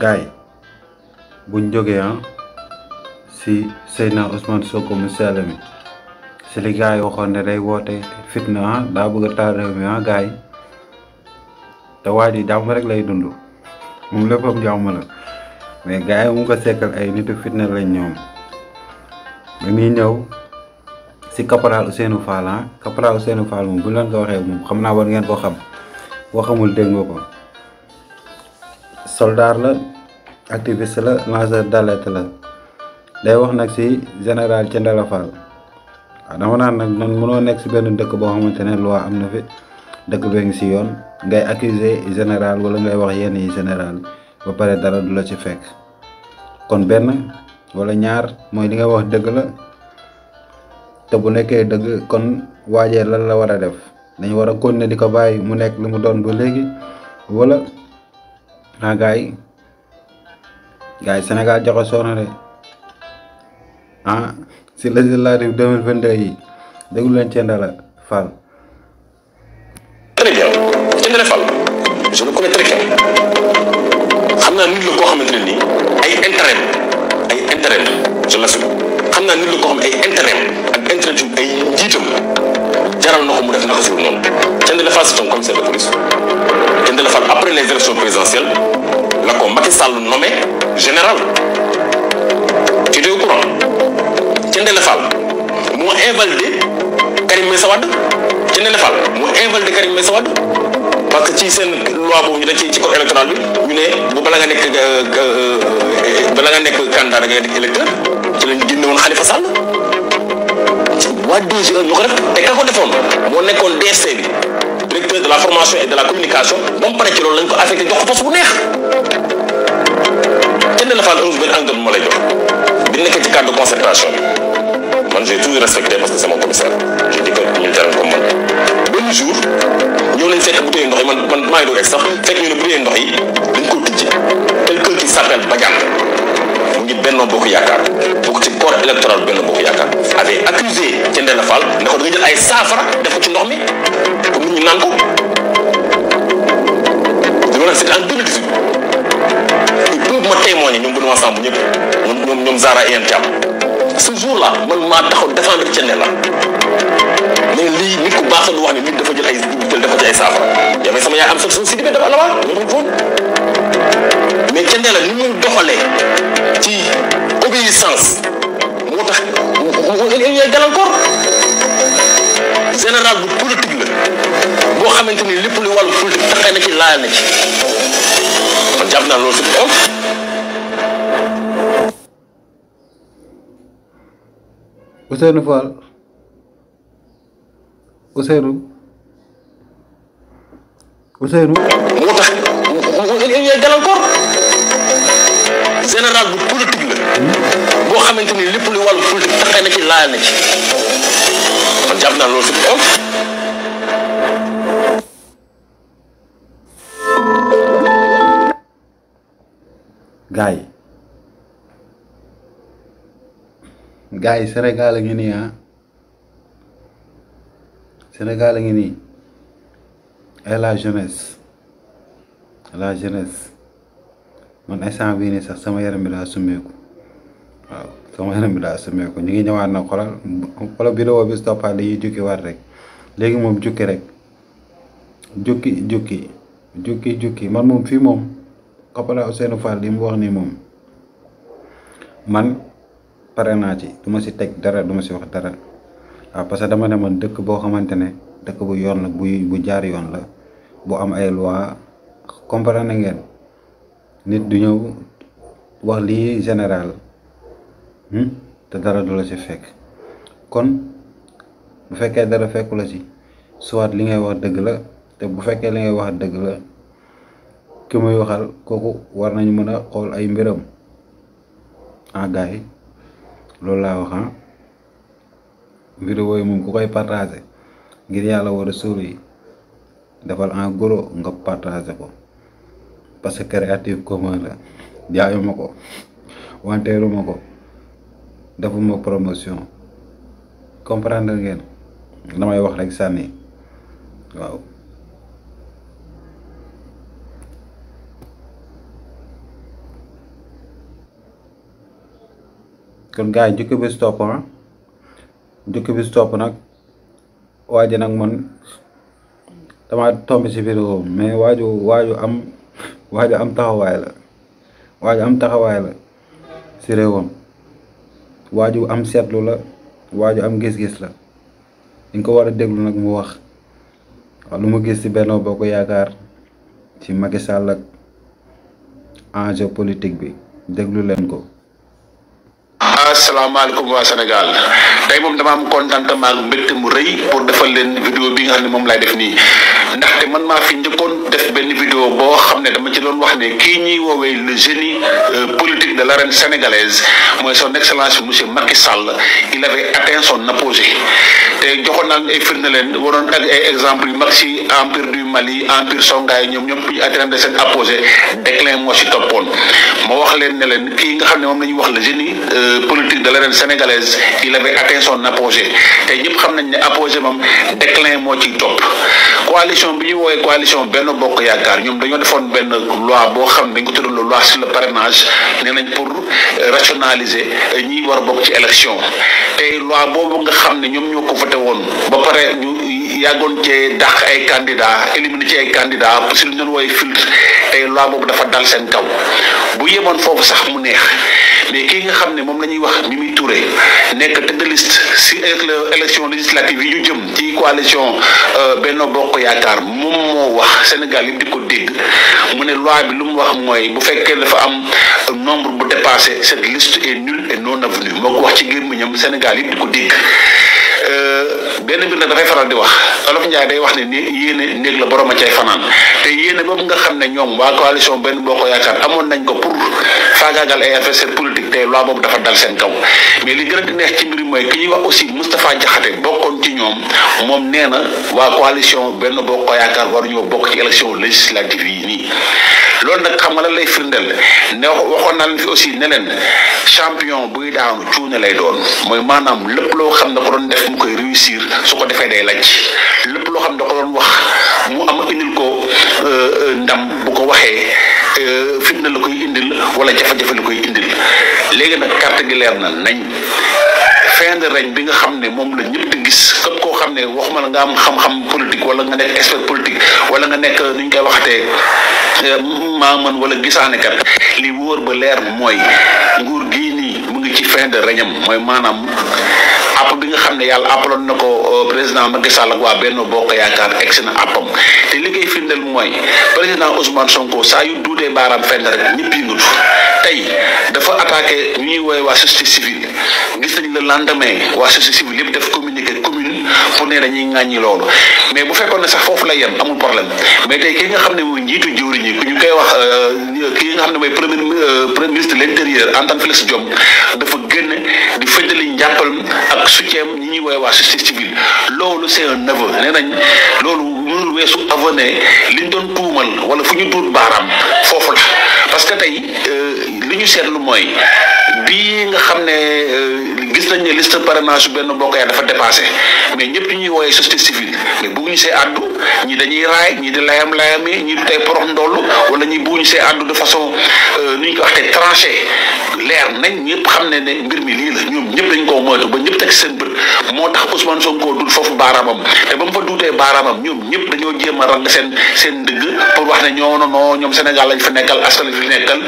gaay buñ jógee ah si Seydina Ousmane Sonko mu sell mi si li gaay waxoon ne day woote fitna ah daa bëgg a taal réew mi ah, gaay te waa ji jàmm lay dund moom léppam jàmm la mais gaay mu ko sekkal ay nitu fitna lañ ñoom ba muy ñëw si caporal Ousseynou Fall ah caporal Ousseynou Fall bu leen ko waxee moom xam naa war ngeen ko xam waxamul dégg nga soldaar la activiste la lanceur d'alerte la day wax nag si général Thiendella Fall naksi dama naan nag noonu mënoo nekk si benn dëkk boo xamante ne loi am na fi dëkk bee ngi si yoon ngay accuser général wala ngay wax yenn yi dara du la ci fekk kon benn wala ñaar mooy li nga wax dëgg la bu kon waajee lan la war def dañ wara kon continuer di ko mu don wala xanaa gars yi gars yi Sénégal jaxasoo na de ah si législative 2022 yi déglu leen Thiendella Fall. très bien Thiendella Fall je le connais très bien xam naa nit la koo xamante ne nii ay intérêt ay intérêt je l'assume naa nit la koo xam ay ay njiitam. jaral na ko mu def naka suuf noonu Thiendella Fall la c'est un commissaire de police Thiendella Fall après les élections présidentielles la ko Macky Sall nommé général tu es au courant Thiendella Fall moo invalidé Karim Meïssa Wade Thiendella Fall moo invalidé Karim Meïssa Wade parce que ci seen loi boobu ñu ne ci ci code électoral bi ñu ne bu bala nga nekk euh, euh, euh, bala nga nekk candidat da nga nekk électeur ci lañ génne woon Khalifa Sall waa DG ñoo ko def te ka ko defoon moo DSC directeur de la formation et de la communication ba mu ci loolu lañ ko affecté jox ko poste bu neex kenn la faal un ben angle mo lay jox bi nekk ci cadre de concertation bi man j'ai toujours respecté parce que c'est mon commissaire je dis que militaire comme man benn jour ñëw nañ fekk bouteille ndox man man maa do rek sax fekk ñu ne bouteille ndox yi dañ ko tijji quelqu'un qui s'appelle Badiane mu ngi Benno Bokk Yaakaar bokk ci corps électoral Benno Bokk Yaakaar avait accusé ci Ndella Fall ne ko da nga jël ay saafara def ko ci ndox mi pour nit ñi naan ko loolu nag c'était en 2018 ils peuvent me témoigner ñoom Benoît Sambou ñëpp ñoom ñoom ñoom Zahra Iyane Thiam ce jour lii nit ku baax du wax ne nit dafa jël ay jël dafa ci ay saafara yow sama yaay am sa si di bi dafa la waa ñoo doon mais ca ndee la ni mu doxalee ci obéissance moo tax ñooy gàllankoor général bu politique la boo xamante ni lépp lu wàllu politique taxee na ci laal na ci man jàpp naa loolu suñu Ousseynou Fall Ousseynou Ousseynou moo tax ñooy gàllankoor général bu politique la boo xamante ni lépp lu wàllu politique taxee na ci laal na ci man jàpp naa loolu suñu off. gars yi gars yi Sénégal a ngi nii ah Sénégal a ngi nii et la jeunesse la jeunesse. man instant bi nii sax sama yaram bi la sumeku waaw sama yaram bi la sumeku ñi ngi na xolal xoolal bi do bi stoppaat dañuy jukki war rek legi mom jukki rek jukki jukki jukki jukki man mom fii moom Kaporal Ousseynou Fall li mu wax ni mom man parena ci duma ma tek dara duma ci wax dara waaw parce que dama ne man dekk bo xamantene dekk bu yoon la bu bu jaar yoon la bu am ay loi comprendre ngeen nit du ñew wax li général hmm té dara du la ci fekk kon bu fekké dara fekku la ci soit li ngay wax dëgg la té bu fekké li ngay wax dëgg la ki muy waxal koku war nañu mëna xol ay mbiram ah gaay lool la wax han vidéo yi moom ku koy partager ngir yalla wara a yi defal en gros nga partager ko pasa kreatif créative commun la mako ko wanteeruma ko mo promotion comprendre ngeen damay wax rek sànni waaw kon gaay jukki bi stop ah jukki bi stop nak waji nak man dama tombe ci vidéo mais waju waju am waa am taxaway la waa am taxaway la ci rewam waa am setlu la waa am gis-gis la dañ ko war a déglu mu wax waaw lu mu gis ci Benno boko yaakar ci Macky Sall ak enjeu politique bi deglu len ko asalaamaaleykum wa senegal tay mom dama am contentement ak mbégte mu reuy pour defal len vidéo bi nga xamni mom lay def ni ndaxte man maa fi njëkkoon def benn vidéo boo xam ne dama ci doon wax ne kii ñuy woowee le génie euh, politique de l'arène sénégalaise mooy son excellence monsieur Macky Sall il avait atteint son apogée te joxoon naa ay firnde leen waroon ak ay exemple yu mag si empire du Mali empire Songhai ñoom ñoom ñu atteindre seen apogée déclin moo si toppoon ma wax leen ne leen kii nga xam ne moom la ñuy wax le génie euh, politique de l'arène sénégalaise il avait atteint son apogée te ñëpp xam nañ ne apogée moom déclin moo ci topp coalition coalition bi ñu woowee coalition benn bokk yaakaar ñoom dañoo defoon benn loi boo xam dañ ko tudd loi sur le parrainage nee nañ pour euh, rationaliser euh, ñi war a bokk ci élection te loi boobu nga xam ne ñoom ñoo ko voté woon ba pare yàggoon cee dàq ay candidat éliminer ci ay candidat si lu ñu doon filtre tey loi boobu dafa dal seen kaw bu yemoon foofu sax mu neex mais kii nga xam ne moom la ñuy wax Mimi Touré nekk tête de si élection législative yi ñu jëm ci coalition euh, benn Bokk Yaakaar moom moo wax Sénégal yi di ko dégg mu ne loi bi lu mu wax mooy bu fekkee dafa am nombre bu dépassé cette liste est nulle et non avenue moo ko wax ci gémmiñam Sénégal yi di ko dégg euh, benn mbir nag dafay faral di wax olof Njaay day wax ne ni yéene néeg la borom a cay fanaan te yéene boobu nga xam ne ñoom waa coalition benn boo ko yaakaar amoon nañ ko pour faagaagal ay adversaire politique boobu dafa dal seen kaw mais li gën a di neex ci mooy ki ñuy wax aussi Moustapha Diakhaté bokkoon ci ñoom moom nee na waa coalition benn boo ko yaakaar waruñoo bokk ci élection législative yi nii loolu nag xam nga lan lay firndeel ne waxoon naa leen fi aussi ne leen champion buy daanu cuune lay doon mooy maanaam lépp loo xam ne ko doon def mu koy réussir su ko defee day laaj lépp loo xam da ko doon wax mu am indil ko euh, euh, ndam bu ko waxee euh, fitna la koy indil wala jafe-jafe la koy indil léegi nag carte gi leer na nañ fin de règne bi nga xam ne moom la ñëpp di gis képp koo xam ne waxuma la nga am xam-xam politique wala nga nekk expert politique wala nga nekk nuñ koy waxatee man wala kat li wóor ba leer mooy nguur gii nii mu ngi ci fin de règne am mooy maanaam app xamne yalla apalon nako euh, president Macky Sall ak wa benno bokk yaakar ex na apam te ligay findel moy president Ousmane Sonko sa yu doudé baram fenn rek ñepp yi ngut tay dafa attaquer ñi woy wa société civile gis nañ le lendemain wa société civile yépp def communiquer commune pour né dañuy ngañi loolu mais bu fekkone sax fofu la yam amul problème mais tay ki nga xamne moy njitu jewri ñi ku ñu koy wax euh, ki nga xamne moy premier euh, premier ministre de l'intérieur Antoine Félix Diom dafa génne di fëddali njàppalam ak soutien ñi ñuy woowee waa société civile loolu c'est un aveu nee nañ loolu mënul weesu aveu ne liñ doon tuumal wala fu ñu tuut baaraam foofu la parce que tey euh, li ñu seetlu mooy bi nga xam ne euh, lañ ne liste parrainage benn bokk ya dafa dépassé mais ñëpp ñuy woyé société civile mais bëgguñu sé addu ñi dañuy raay ñi di layam layami ñi tay porox ndollu wala ñi bëgguñu sé addu de façon euh nuñ ko waxé tranché leer nañ ñëpp xamné né mbir mi li la ñoom ñëpp dañ ko moytu ba ñëpp tek seen bët moo tax Ousmane Sonko dul fofu baramam té bam fa douté baramam ñoom ñëpp dañoo jéem a rang seen seen dëgg pour wax né ñoo no ñoom Sénégal lañ fa nekkal askan lañ fi nekkal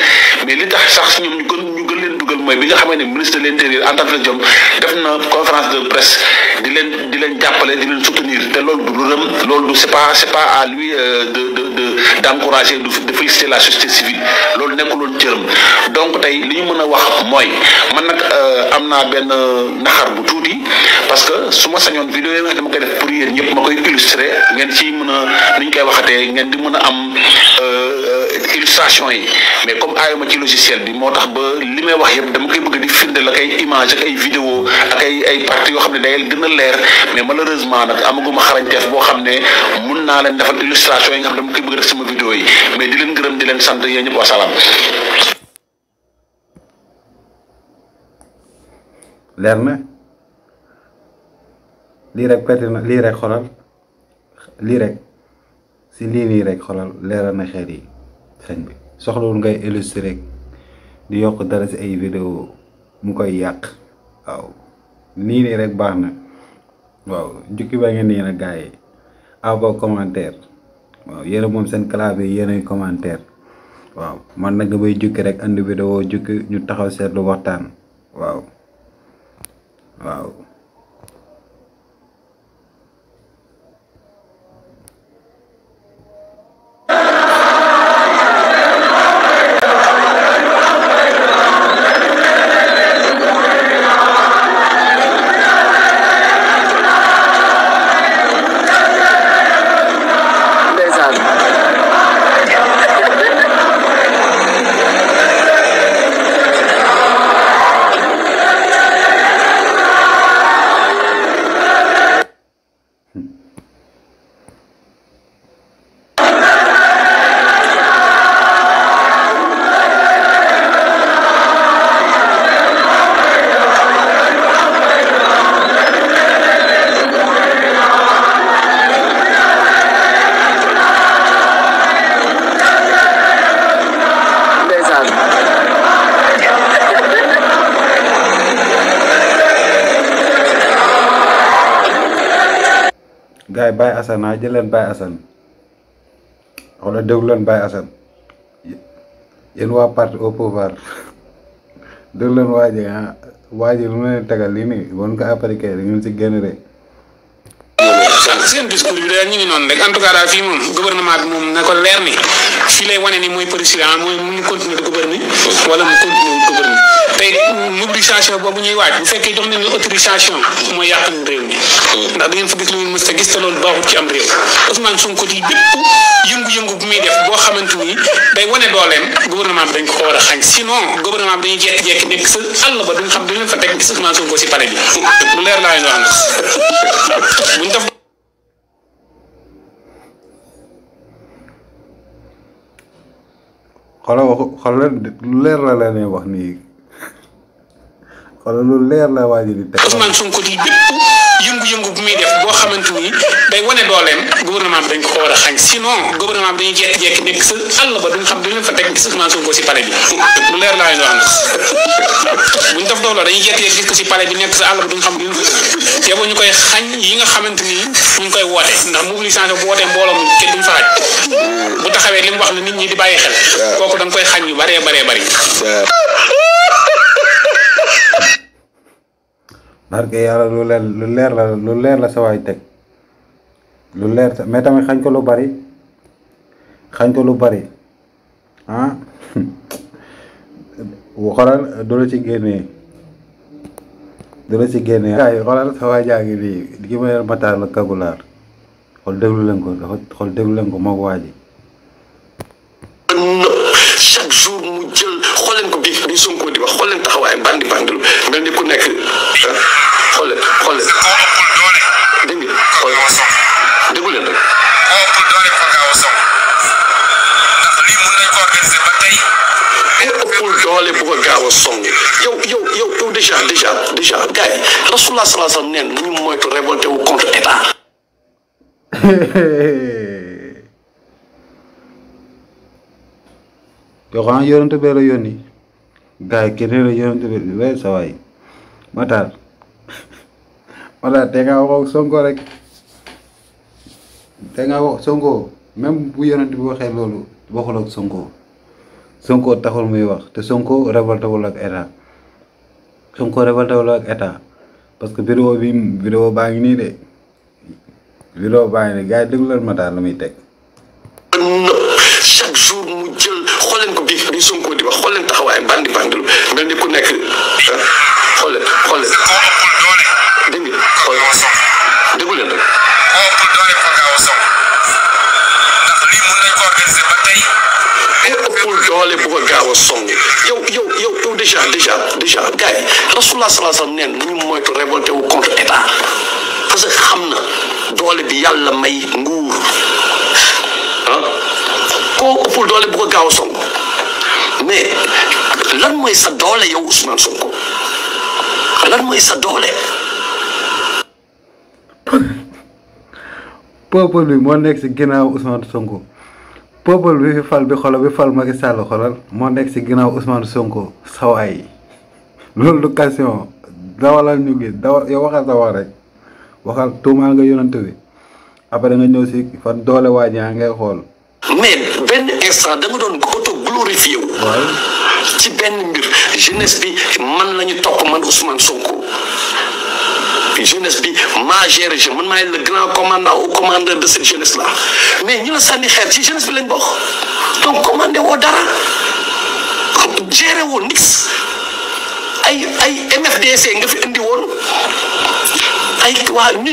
mais li tax sax ñoom ñu gën ñu gën dugal moy bi nga xamné ministre de l' intérieur Antoine Diome def na conférence de presse di len di len jappalé di len soutenir té lolou du reum lolou du c'est pas c'est pas à lui euh, de de de d'encourager de féliciter la société civile nekul won cëram donc tay li ñu mëna wax moy man nak euh, amna ben euh, nahar bu tuti parce que suma sañon vidéo yi nga dama koy def pour yéen ñëpp makoy illustrer ngeen ci mëna niñ koy waxaté ngeen di mëna am illustration yi mais comme aayuma ci logiciel bi moo tax ba li may wax yëpp dama koy bëgg di firndeel ak ay image ay vidéo ak ay ay yoo xam ne day gën a leer mais malheureusement nag amaguma xarañteef boo xam ne mun naa leen defal illustration yi nga xam ne dama sama vidéo yi mais di leen gërëm di leen sant yéen ñëpp wasalaam. na lii rek perte na lii rek xolal lii rek si lii nii rek xolal leeral na xeer yi. sëñ bi soxlawul ngay illustré di yokk dara si ay vidéo mu koy yàq waaw nii nii rek baax na waaw jukki ba ngeen yéen a gars yi abo commentaire waaw yéen moom seen clavier yéenay commentaire waaw man nag damay jukki rek andi vidéo jukki ñu taxaw seetlu waxtaan waaw waaw Baye Assane ah jël leen Baye Assane wala déglu leen Baye Assane waa parti au pouvoir déglu leen waa ji ah waa ji lu ma leen tegal lii nii si génn de. seen discours bi daal ñu ngi noonu rek en tout cas moom gouvernement bi moom na ko leer ni fii lay wane ni mooy président ah, mooy mu continuer de gouverner mu continuer de gouverner tey mobilisation boobu ñuy waaj bu fekkee jox nañ la autorisation mooy yàq nañ réew mi ndax fa gis lu ngeen mës a gis te loolu baaxut ci am réew yëngu bu muy def boo xamante ni day wane dooleem gouvernement bi dañ ko war a xañ no gouvernement bi dañuy jekki-jekki nekk sa àll ba duñ xam duñ leen fa teg gis Ousmane Sonko si palais bi lu leer laa leen wax na xoolal waxu xoolal lu leer la la ne wax nii xoolal lu leer la waa ji di teg. Ousmane Sonko di bépp. yëngu-yëngu bu muy def boo xamante ni day wane dooleem gouvernement bi dañ ko ko war a xañ sinon gouvernement bi dañuy jekki-jekki nekk sa àll ba duñ xam duñ leen fa teg gis Ousmane Sonko si palais bi lu leer laa leen wax nag buñ def doole dañuy jekki-jekki gis ko si palais bi nekk sa àll ba duñ xam duñ yeboo ñu koy xañ yi nga xamante ni ñu ngi koy woote ndax mobilisation bu wootee mbooloo mu kenn duñ fa xaj bu taxawee li mu wax la nit ñi di bàyyi xel kooku da koy xañ yu baree baree bari ke yalla lu leer lu leer la lu leer la sa way tek lu leer me tamit xagn ko lu bari xagn ko lu bari han wo xaral do la ci génnee do la ci génnee. gars xaral sa way jaagi bi nii ki ma yor Matar la Kagulaar xol deglu len ko xol deglu len ko moog waji Yo yo yo yo, yow yow yow déjà déjà déjà yo yo yo yo yo yo yo yo révolté wu contre état yo yo yo yo la yo yo yo yo yo yo yo yo sa yo yo yo yo nga yo yo rek yo nga wax yo même bu yo bi yo yo waxul ak yo Sonko taxul muy wax te Sonko révolté wul ak Sonko révolté wul ak parce que vidéo bi vidéo baa ngi nii de vidéo baa nii gars yi déglu leen muy teg. ku nekk ah, doole bu ko gaaw song yow yow yow yow déjà déjà déjà gars rasoulallah sallallahu alayhi wa sallam neen nañu moytu révolté wu contre état parce que xamna na doole bi yalla may nguur ah ko pour doole bu ko gaaw song mais lan moy sa doole yow Ousmane Sonko lan moy sa doole. peuple bi mo nek ci ginnaaw Ousmane Sonko. peuple bi fi fal bi xolo bi fal Macky Sall xolal moo nekk si ginnaaw Ousmane Sonko sawaay loolu du question dawalal ñu gis dawal yow waxal sa wax rek waxal tuumaa nga yonante bi après nga ñëw si fan doole waa ñaa ngay xool. mais benn instant da nga doon auto glorifié wu. ci benn mbir jeunesse bi man lañu topp man Ousmane Sonko. jeunesse bi ma gérer je man may le grand commandant ou commandeur de cette jeunesse là mais ñu la sanni xet ci jeunesse bi lañ bokk donc commandé wo dara gérer wo nix ay ay MFDC nga fi indi won ay wa ñu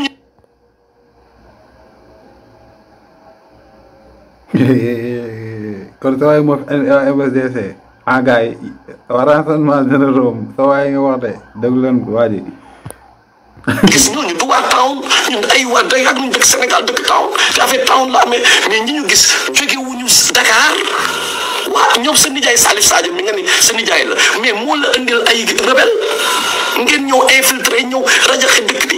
kon taw ay mo mfdc MFDC ah, gay gars ma dina rom taw ay nga wax de deug len ko waa gis ñooñu du waa town ñun ay waa day ak ñu dëkk Sénégal dëkk town te affaire town la amee mais ñi ñu gis jóge wuñu Dakar waa ñoom sa nijaay Salif Sadio mi nga ni sa nijaay la mais moo la indil ay rebelle ngeen ñëw infiltré ñëw rajaxe dëkk bi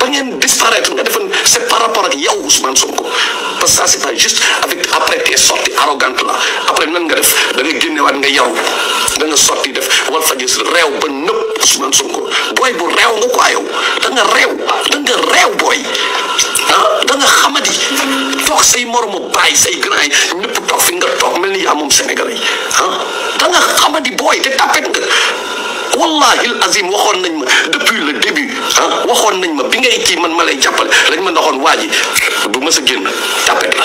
ba disparaître nga defoon c'est par rapport ak yow Ousmane Sonko parce que ça c'est pas juste avec après tes sorti arrogantes là après nan nga def da nga wat nga yaru da nga sorti def wal fa gis rew ba nepp Ousmane Sonko boy bu rew nga ko yow da nga rew da nga rew boy da nga xamadi tok say moromu bay say grand nepp tok fi nga tok melni amum Sénégalais ah da nga xamadi boy te tapet nga wallahi al azim waxoon nañ ma depuis le début ah waxoon nañ ma bi ngay kii man ma lay jàppale lañ ma ndaxoon waa ji du ma sa génn tàppet la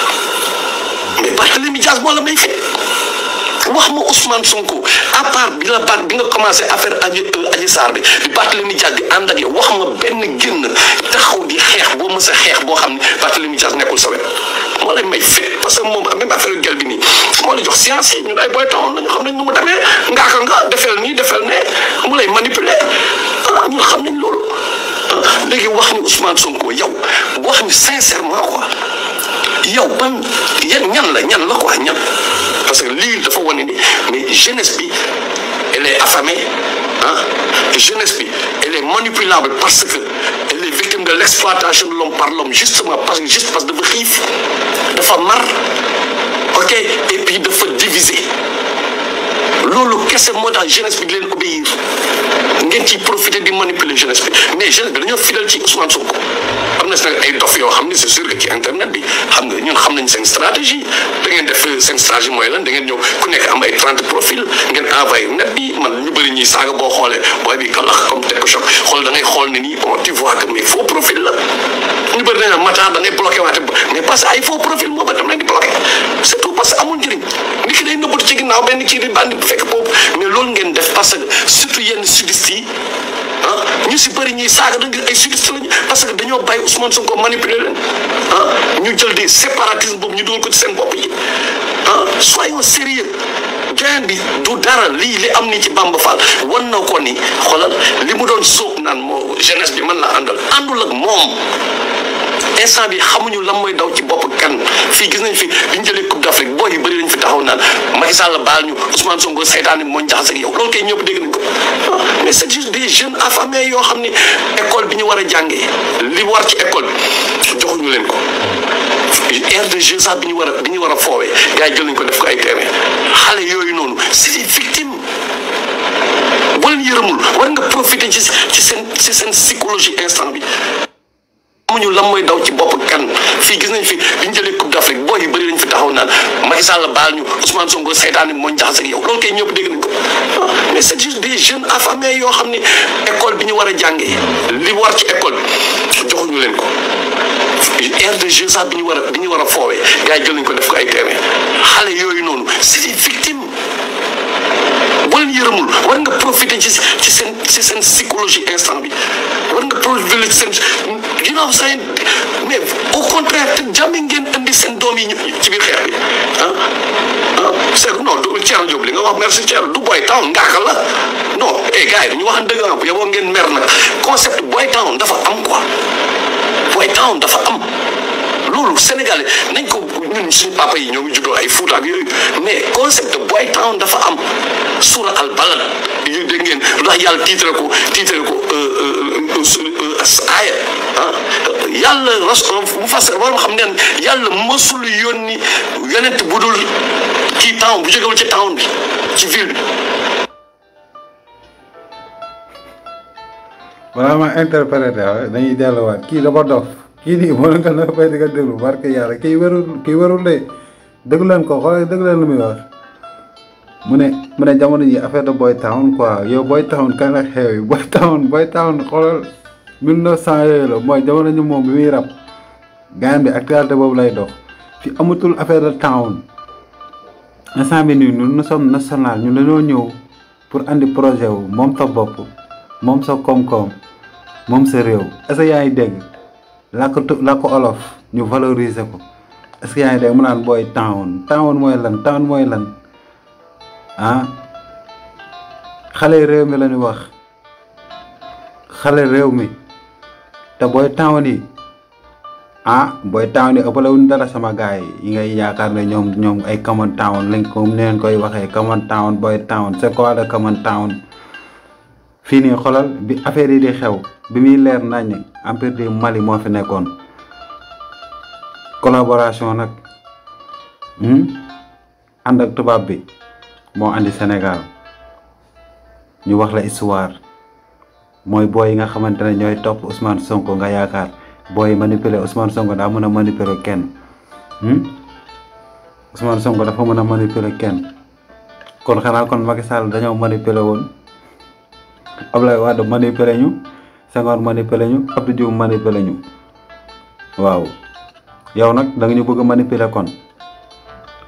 mais Barthélémy Dias moo la may fit wax ma Ousmane Sonko à part bi la baat bi nga commencé affaire aji euh, aji saar bi bi Barthélémy Dias di ànd ak yow wax ma benn génn taxaw di xeex boo mës xeex boo xam ne Barthélémy Dias nekkul sa wet moo lay may fit parce que moom même affaire gel bi nii moo lay jox science yi ñun ay booy taxoon nañu xam nañ nu mu demee ngaaka nga defel nii defel ne mu lay manipuler ah xam nañ loolu ah, léegi wax ni Ousmane Sonko yow wax ni sincèrement quoi yow ban yan ñan la ñan la quoi ñan parce que l'île dafa wone ni mais jeunesse bi elle est affamée hein? jeunesse bi elle est manipulable parce que elle est victime de l'exploitation de l'homme par l'homme justement parce que juste parce de dafa de dafa mar ok et puis dafa diviser loolu kese moo tax jeunesse bi di leen obéir ngeen ciy profiter di manipuler jeunesse bi mais jeunesse bi dañoo fidèle ci Ousmane am na si nag ay dof yoo xam ne c'est sûr que ci internet bi xam nga ñun xam nañ seen stratégie da ngeen def seen stratégie mooy lan da ngeen ñëw ku nekk am ay trente profil ngeen envoyé net ñuy saaga boo xoolee booy bi kalax comme teg ko xool da xool ne nii on tu vois que mais faux la ñu bëri dañ matin da ngay bloqué mais parce que ay faux profil moo ba dam leen di bloqué surtout parce que amul njëriñ nit ki day nëbbatu ci ginnaaw benn ci di bandi bu fekk boobu mais loolu ngeen def parce que surtout yenn sudistes ah, ñu si bëri ñuy saaga da ay parce que dañoo bàyyi Ousmane Sonko manipuler leen ah ñu jël des séparatisme boobu ñu dugal ko ci seen bopp yi ah, joint bi du dara lii li am ni ci Bamba Fall wan na ko ni xoolal li mu doon sóob naan moo jeunesse bi mën la àndal àndul ak moom instant bi xamuñu lan mooy daw ci bopp kan fii gis nañ fi bi ñu jëlee coupe d'Afrique boo yu bëri lañ fi taxaw naan Macky Sall baal ñu Ousmane Sonko seytaane moo ñu jaxase ak yow loolu kay ñëpp dégg nañ ko mais c'est juste des jeunes affamés yoo xam ne école bi ñu war a jàngee li war ci école bi joxuñu leen ko. aire de jeu sax bi ñu war a bi ñu war a foowee gars yi jël nañ ko def ko ay terrain xale yooyu noonu c' est des victimes boo war nga profiter ci ci seen ci seen psychologie instant bi amuñu lan mooy daw ci bopp kan fii gis nañ fi bi ñu jëlee coupe d' afrique booy yu bëri lañ fi taxaw naan Macky Sall baal ñu Ousmane Sonko seytaane moo ñu jaxase ak yow loolu kay ñëpp dégg nañ ko mais c' juste des jeunes affamés yoo xam école bi ñu war li war ci école joxuñu leen ko RDG de bi ñu war a bi ñu war a foowee gars yi jël nañ ko def ko ay terrain xale yooyu noonu c'est des victimes boo leen yërëmul war nga profiter ci ci seen ci seen psychologie instant bi war nga profiter ci seen ginnaaw sax mais au contraire te jàmmi ngeen indi seen doom yi ci biir xeex bi ah ah c' est non du Thierno Diop li nga wax merci Thierno du boy town ngaaka la non eh gars yi dañu wax dëgg ah bu ngeen mer nag concept boy town dafa am quoi. point down dafa am loolu Sénégal nañ ko ñun suñu papa yi ñoo ngi juddoo ay Fuuta ak yooyu mais concept de boy town dafa am suura al balad yu dégg ngeen lu yàlla tiitre ko tiitre ko euh, euh, euh, aaya ah yàlla bu fas war xam neen yàlla yoon yónni yonent bu dul kii town bu jógewul ci town bi ci ville bi balaa ma interprété wa dañuy delluwaat kii dafa dof kii nii boo nga ko fay di ko déglu barke yàlla kii wérul kii wérul de déglu leen ko xool déglu leen lu muy wax mu ne mu ne jamono yi affaire de boy town quoi yow boy town kan la xew yi boy town boy town xoolal mille neuf cent yooyu la mooy jamono ñu moom bi muy rab gaan bi actualité boobu lay dox fi amatul affaire de town instant bi nii nous nous sommes national ñu dañoo ñëw pour andi projet wu moom sa bopp moom sa kom kom moom sa réew est-ce que yaa ngi dégg làkk làkk olof ñu valoriser ko est-ce mu naan booy taawoon taawoon mooy lan taawoon mooy lan ah xale réew mi la wax xale réew mi te booy taawoon yi ah booy taawoon yi ëppalewuñ dara sama gars yi ngay yaakaar ne ñoom ñoom ay common town lañ ko neen koy waxee common town booy taawoon c'est quoi le common town Fini xolal bi affaire yi di xew bi mi leer nañ empire de Mali mo fi nekkoon collaboration hmm and ak tubab bi mo andi senegal ñu wax la histoire moy top nga xamantene ñoy top Ousmane Sonko nga yaakar boy manipuler Ousmane Sonko da mëna a manipuler kenn hmm? Ousmane Sonko da fa mëna manipuler kenn kon xana kon Macky dañu manipuler la waa Ablaye Wade manipulé ñu Senghor manipulé ñu Abdou Diouf manipulé ñu waaw yow nag danga nga ñu bëgg a manipuler kon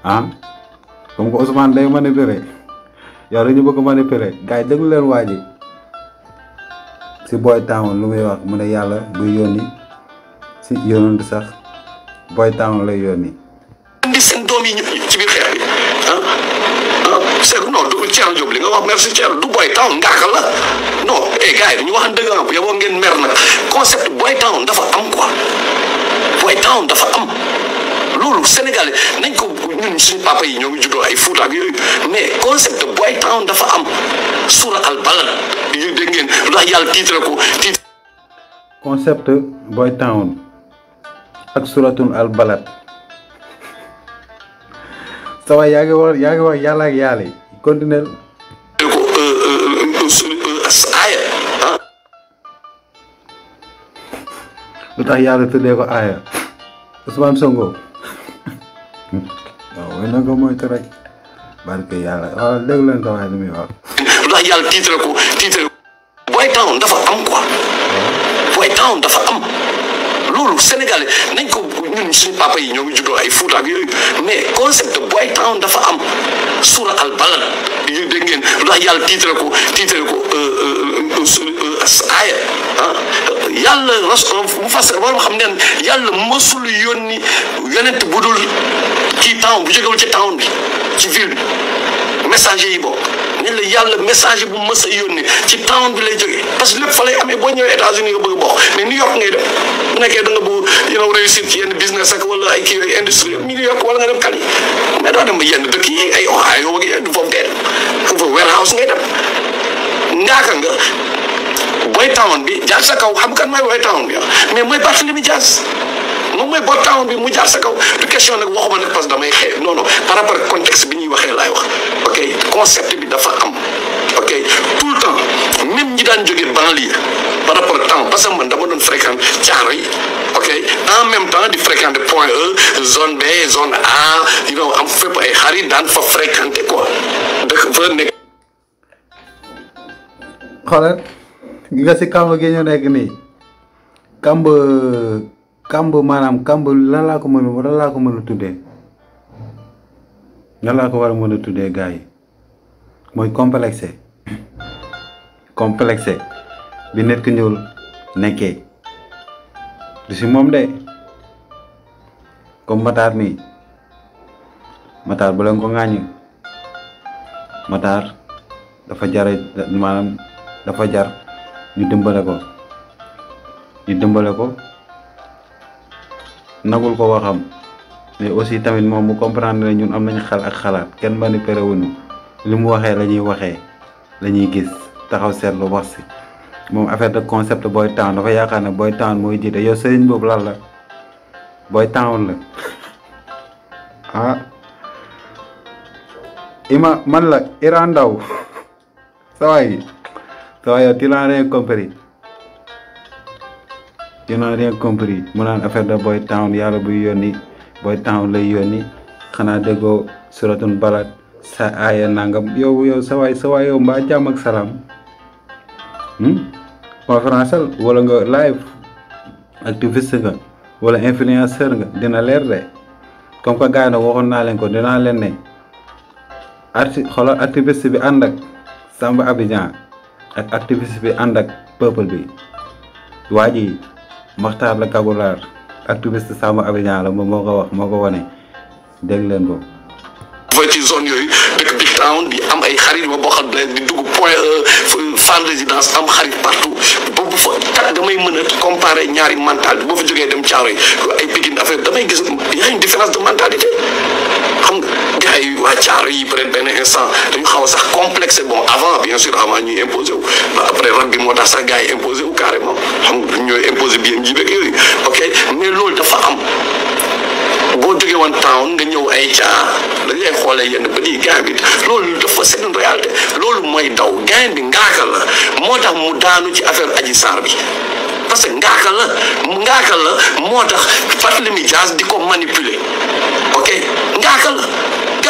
ah comme que Ousmane day manipuler yow da ñu bëgg a manipuler gars yi déglu leen waa ji si Boy Town lu muy wax mu ne yàlla buy yónni si yónantu sax Boy Town lay yónni. yi Seydou non du Thierno Diop li nga wax merci Thierno du boy town ngàkk la non eh yi ñu wax dëgg ah bu ngeen mer nag concept boy town dafa am quoi boy dafa am loolu Sénégal nañ ko ñun suñu yi ñoo ngi juddoo ay Fuuta ak yooyu mais concept boy town dafa am suura al balad yu dégg ngeen lu tax yàlla titre ko titre. concept boy town ak suratul al balad. sa waay yaa ngi yaa ngi wax yàlla ak yàlla yi continuer lu tax yàlla tuddee ko aaya Ousmane Sonko waaw wéy na ko moytu rek barke yàlla waaw dégg leen sa waay li muy wax lu tax ko tiitre boy town dafa am quoi boy town dafa am loolu Sénégal nañ ñun suñu papa yi ñoo ngi juddoo ay Fuuta ak yooyu mais concept de boy town dafa am suura al balad yu dégg ngeen lu tax yàlla tiitre ko tiitre ko euh, euh, euh, aaya ah. yàlla ras bu fas waram xam neen yàlla mësul yónni yonent bu dul kii town bu jógewul ci town bi ci ville bi messager yi bokk ne la yàlla message bu mës a yónni ci town bi lay jógee parce que lépp fa lay amee boo ñëwee États-Unis nga bëgg bokk mais New York ngay def nekkee da nga bu you know réussir ay kii yooyu industrie yooyu New York wala nga dem Cali mais doo dem ba yenn dëkk yi ay Ohio ak yenn foofu dee foofu ngay dem ndaaka nga boy town bi jaar sa kaw xam kan mooy boy town bi mais mooy Barthélemy Dias moom mooy boy mu jaar sa kaw du question nag waxuma nag parce que damay xëy non non par rapport contexte bi ñuy waxee laay wax ok concept bi dafa am. parce que tout le temps même ñi daan jóge banlieue par rapport temps parce que man dama doon fréquente caaro yi ok en même temps di fréquenter point E zone B zone A yi nga am fépp ay xarit daan fa fréquenter quoi dëkk fa nga si kàmb gi ñu nekk nii kàmb kàmb maanaam kàmb lan laa ko mën a lan laa ko mën a tuddee lan laa ko war a mën a tuddee gars yi mooy complexé. complexe bi nekk ku ñuul nekkee du si moom de comme Matar mi Matar bu leen ko ŋaañu Matar dafa jar maanaam dafa jar ñu dimbale ko ñu dimbale ko nagul ko waxam mais aussi tamit moom mu comprendre ne ñun am nañ xel xalaat kenn manipulé wuñu li mu waxee la ñuy waxee lañuy gis taxaw seet wax si moom affaire de concept Boy Town dafa yaakaar ne Boy Town mooy jiite yow sëriñ boobu lan la Boy Town la ah ima man la Iran Ndao sawaay sawaay yow tu compris tu n'as compris mu naan affaire de Boy Town yàlla buy yónni Boy Town lay yónni xanaa déggoo suratun balat sa aaya nangam yow yow sawaay sawaay mbaa jàmm ak conférence hmm? al wala nga live activiste nga wala influenceur nga dina leer de comme que gars naa leen ko dinaa leen ne arti xoolal bi ànd ak Samba Abidjan ak activiste bi ànd ak peuple bi waa ji Maxtaar la Kabulaar activiste Samba Abidjan la moom moo wax moo ko wane dégg leen ko. fa ci zone yooyu dëkk Big Town di am ay xarit ma bokkal di dugg point e, sans résidence am xarit partout boobu fa tak damay mën a comparer ñaari mental bi boo fa jógee dem caaro yi ay Pikine affaire damay gis y a une différence de mentalité xam nga gars yi waa caaro yi peut être benn dañu xaw a sax complexe bon avant bien sûr avant ñuy imposé wu après rab bi moo tax sax gars yi imposé wu carrément xam nga ñooy imposé bi yéen ji beeg yooyu ok mais loolu dafa am boo jógee woon town nga ñëw ay caa dañ lay xoolee yenn bët yi gaañ bi loolu dafa c'est une réalité loolu mooy daw gaañ bi ngaaka la moo tax mu daanu ci affaire aji saar bi parce que ngaaka la ngaaka la moo tax Barthélémy Dias di ko manipuler ok ngaaka la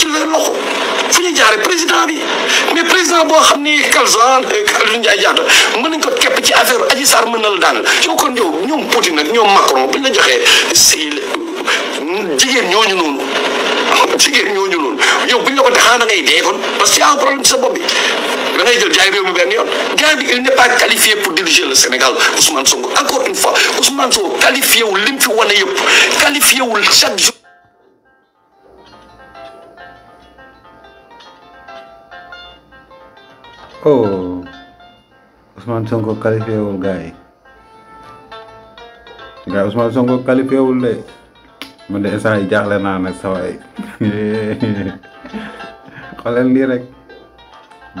ci leen loxo fu ñu jaare président bi mais président boo xam ni Kalzaa Aliou Ndiaye Diatta mën nañ ko képp ci affaire Adji Sarr mën na la daan yow kon yow ñoom Poutine nag ñoom Macron buñ la si jigéen ñooñu noonu noonu yow buñ la ko taxaa na ngay dee kon parce a un problème ci sa bopp bi da ngay jël jaay réew mi benn yoon gars bi il n'est pas qualifié pour diriger le Sénégal Ousmane Sonko encore une fois Ousmane Sonko qualifié wu lim fi wane yëpp wu chaque jour. oh Ousmane Sonko qualifié wul gars yi gars Ousmane Sonko qualifié wul de man de yi jaaxle naa nag sawaay xoolal lii rek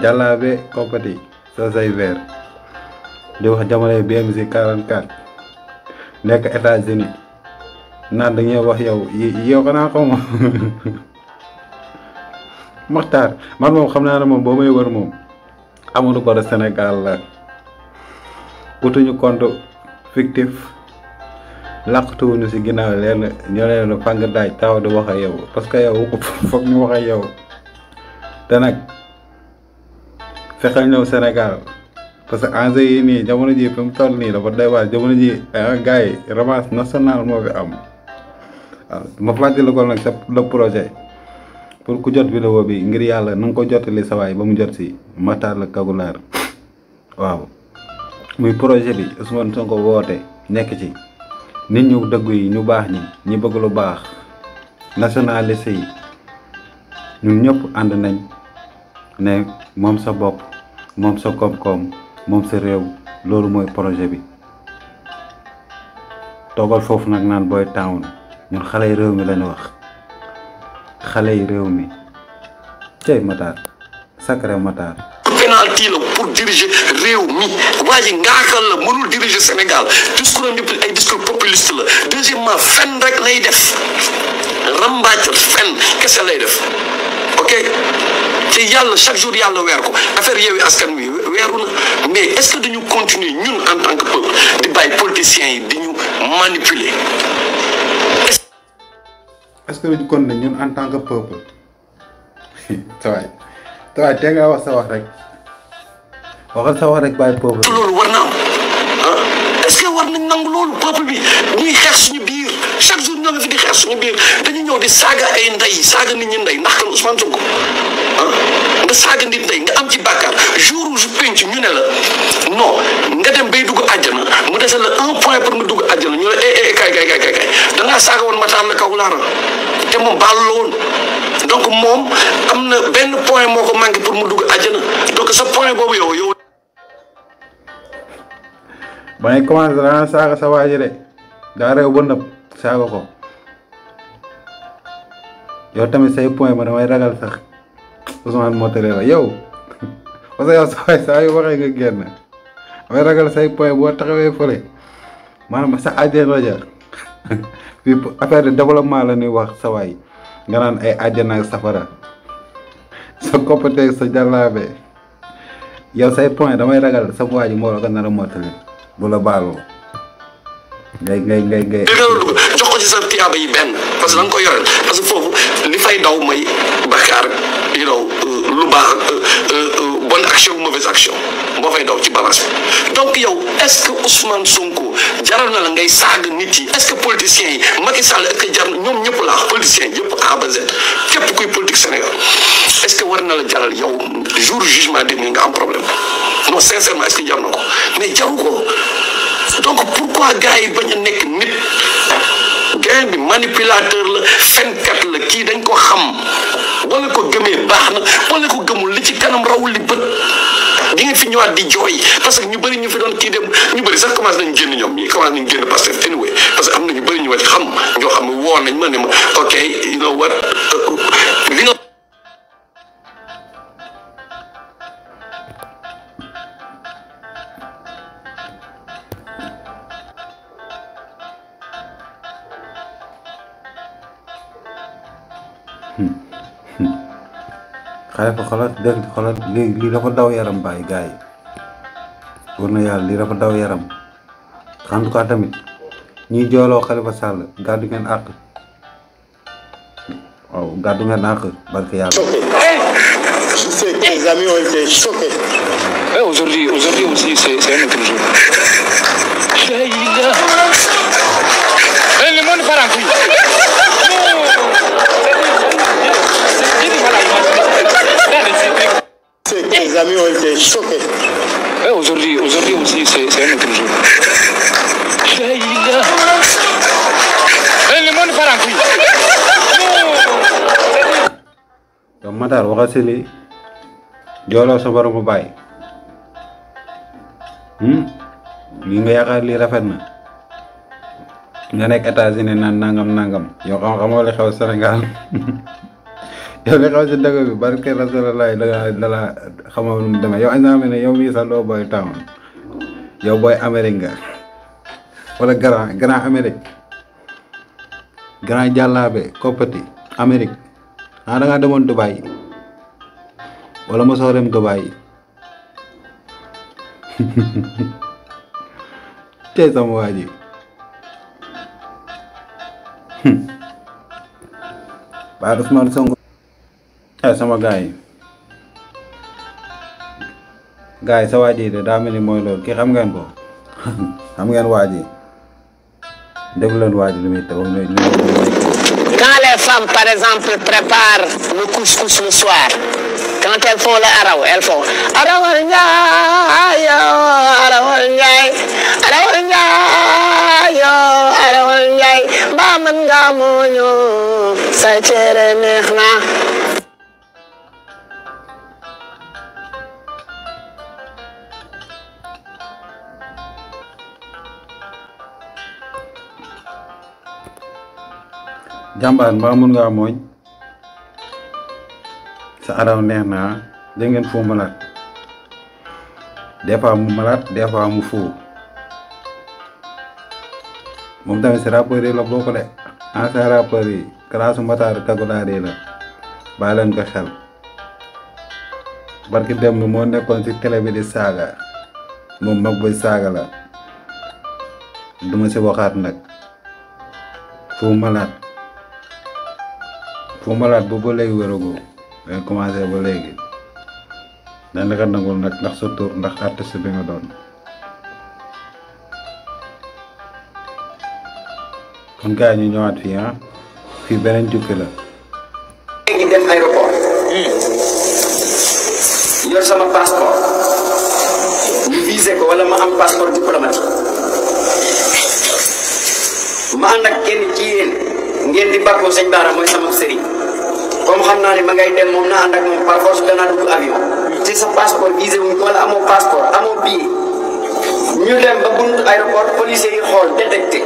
jàllaabe koppati soo say ver di wax jamonoy BMC 44 nekk États-Unis naan dañuy wax yow yow xanaa xaw Maxtaar man moom xam naa ne moom boo may moom amuñu ko de Sénégal la utuñu compte fictif làqatuwuñu si ginnaaw leen ñoo leen fang daaj taw di wax ak yow parce que yow foog ñu wax ak yow te nag fexeel ñëw Sénégal parce que enjeu yi nii jamono ji fi mu toll nii dafa doy waar jamono ji ah, gars yi revanche nationale moo fi am waaw ah, ma fàttali ko nag sa le projet pour ku jot bi vidéo bi ngir yàlla na nga ko jotali sawaay ba mu jot si Matar la Kagulaar waaw muy projet bi Ousmane ko woote nekk ci nit ñu dëggu yi ñu baax ñi ñu bëgg lu baax nationaliste yi ñun ñëpp ànd nañ ne moom sa bopp moom sa koom-koom moom sa réew loolu mooy projet bi toogal foofu nag naan booy town ñun xale réew mi lañu wax xalé yi réew Matar sacré Matar penalty pour diriger réew mi la diriger Sénégal ay discours populiste la deuxièmement fen rek lay def fen lay def ok te yalla chaque jour yalla le ko affaire askan mais est-ce que nous continuons, ñun en tant que peuple di politiciens yi nous manipuler est ce que duñ kon ne ñun en tant que peuple tawaay tawaay wax sa wax rek waxal sa wax rek bàyyi peuple. loolu war na am ah. est ce que war nañ nangu loolu peuple bi muy xeex suñu biir dañu ñëw di saaga ay ndey saaga nit ñi ndey ndax kan Ousmane Sonko ah nga saaga nit ndey nga am ci bàkkaar jour ju penc ñu ne la non nga dem bay dugg àjjana mu dese la un pour mu dugg àjjana ñu ne eh, eh, eh, kay kay kay saaga woon ma la kaw laara te moom baalu lool donc moom am na benn point moo ko manqué pour mu dugg àjjana donc sa point boobu yow yow. ba ñu commencé daan saaga sa waajire daa rew ba ndab saaga ko. yow tamit say point ma damay ragal sax Ousmane moo tële la eh, yow parce que yow saa saa yu waxee nga génn damay ragal say point boo taxawee fële maanaam sa àjjana la jar fii affaire de développement la ñuy wax sa waay nga naan ay àjjana safara sa coppite sa jàllaabe yow say point damay ragal sa waa ji moo la ko nar a mottali bu la baaloo ngay ngay ngay ngay. jox ko ci sa tiyaaba yi benn parce que da nga ko yore parce que dafay daw may bakaar you know lu baax bonne action mauvaise action moo fay daw ci balance donc yow est-ce que Ousmane Sonko jaral na la ngay nit yi est-ce que politiciens yi Macky Sall est-ce que jar ñoom ñëpp laa politiciens yëpp A ba Z képp kuy politique Sénégal est-ce que war na la jaral yow jour jugement de nga am problème non sincèrement est-ce que jar na mais jaru ko donc pourquoi gars yi bañ a nit Dieng bi manipulateur la fenkat la kii dañ ko xam wala ko gëmee baax na wala ko gëmul li ci kanam rawul li bët di nga fi ñëwaat di jooy parce que ñu bëri ñu fi doon kii dem ñu bëri sax commencé nañ génn ñoom ñi commencé nañ génn parce que anyway am na ñu bëri ñu wet xam ñoo xam ne woo nañ ma ne ma ok you know what li nga xale fa xoolal dégg nga xoolal lii lii dafa daw yaram bàyyi gars yi na yàlla lii dafa daw yaram en tout cas tamit ñiy jooloo Xalifa Sall gàddu ngeen àq barke yàlla. Eh, Je les, les amis ont été choqués. Ouais, aujourd'hui, aujourd'hui aussi, c'est un autre jour. le monde part en Matar waxal si ni jooloo sa borom nga yaakaar lii rafet na nga nekk États-Unis naan nangam nangam yoo xam xamoo xew Sénégal yow li xaw si dëkk bi barke rasulallaahi da laa da laa xamoo nu demee yow instant ne yow mii sax doo booy town yow booy Amérique nga wala grand grand grand jàllaabe koppati Amérique ah demoon Dubaay wala mosoo dem Dubaay sama waa ji Ousmane Sonko tey eh, sama gars yi sa waaj yi de daa mel ni mooy kii xam ngeen ko xam ngeen waaj yi déglu leen waaj li muy taw par exemple préparent le couscous le soir quand elles font araw elles font arawal njaay arawal njaay arawal njaay arawal njaay mbaa mën sa cere neex na jàmbaar ba mun nga moñ sa araw neex de ngeen foo malat defa mu malat defa mu foo mom tamit si rapport yi la boko de ah, sa rapport yi classe mbataar kagulaar la ba leen ko xel barki dem bi moo nekkoon si télé bi mag boy saga la duma ci waxat nak foo malat fombalaat bu ba léegi wéragoo ba nga commencé bo legi dañ la ko nangul nak ndax sa tur ndax artiste bi nga doon kon gars ñu ñëwaat fii ah fi benen jukki la léegi dem aéroport yor iya sama passeport ñu visé ko wala ma am passeport diplomatique ma ànd ak kenn ci yéen ngeen di bàkkoo sëñ Baara mooy sama sëriñ comme xamna ni ma ngay dem mom na ànd ak par force dana dugg avion ci sa passeport visé wuñ ko wala amo passeport amo bi ñu dem ba bunt aéroport police yi xol détecté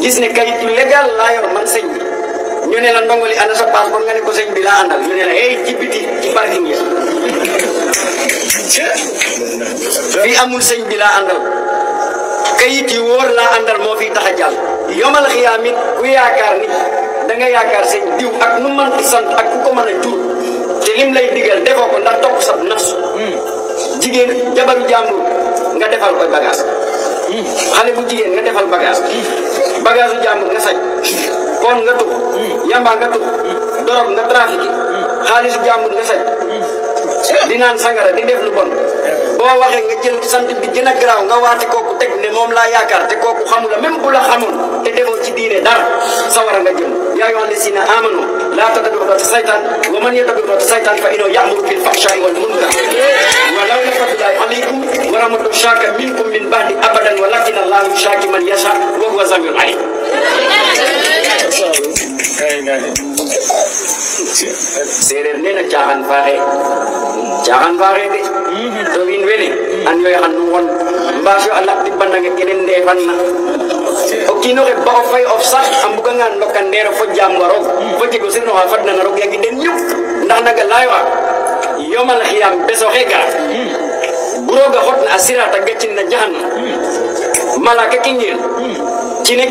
gis ne kayit yu légal la yor man señ bi ñu ne la ndongoli ana sa passeport nga ne ko señ bi la andal ñu ne la hey ci biti ci parking ya fi amul señ bi la andal kayit yi wor la andal mo fi taxajal yomal xiyaam ku yaakar ni da nga yaakaar seen diw ak nu mën sant ak ku ko mën a jur te lim lay digal defoo ko ndax topp sab nafsu jigéen jabaru jàmbur nga defal ko bagage xale bu jigéen nga defal bagage bagage u jàmbur nga sañ kon nga tux yamba nga tux dorog nga trafiqué xaalis jàmbur nga sañ di naan sangara di def lu bon boo waxee nga jël sant bi gën a garaaw nga waate kooku teg ne moom laa yaakaar te kooku xamu la même bu la xamul te demoo ci diine dara sawara nga jëm yaa ayyuhaa llaziina aamanu laa tattabi'u xutuwaati saytaan wa man yattabi' xutuwaati saytaan fa innahu ya'muru bil fahshaa'i wal munkar wa lawlaa fadlu llaahi alaykum wa rahmatuhu shaaka minkum min ba'di abadan walaakinna llaaha yuzakki man yashaa' wa huwa samii'ul aliim séeréer nee malaka ki ngeen cine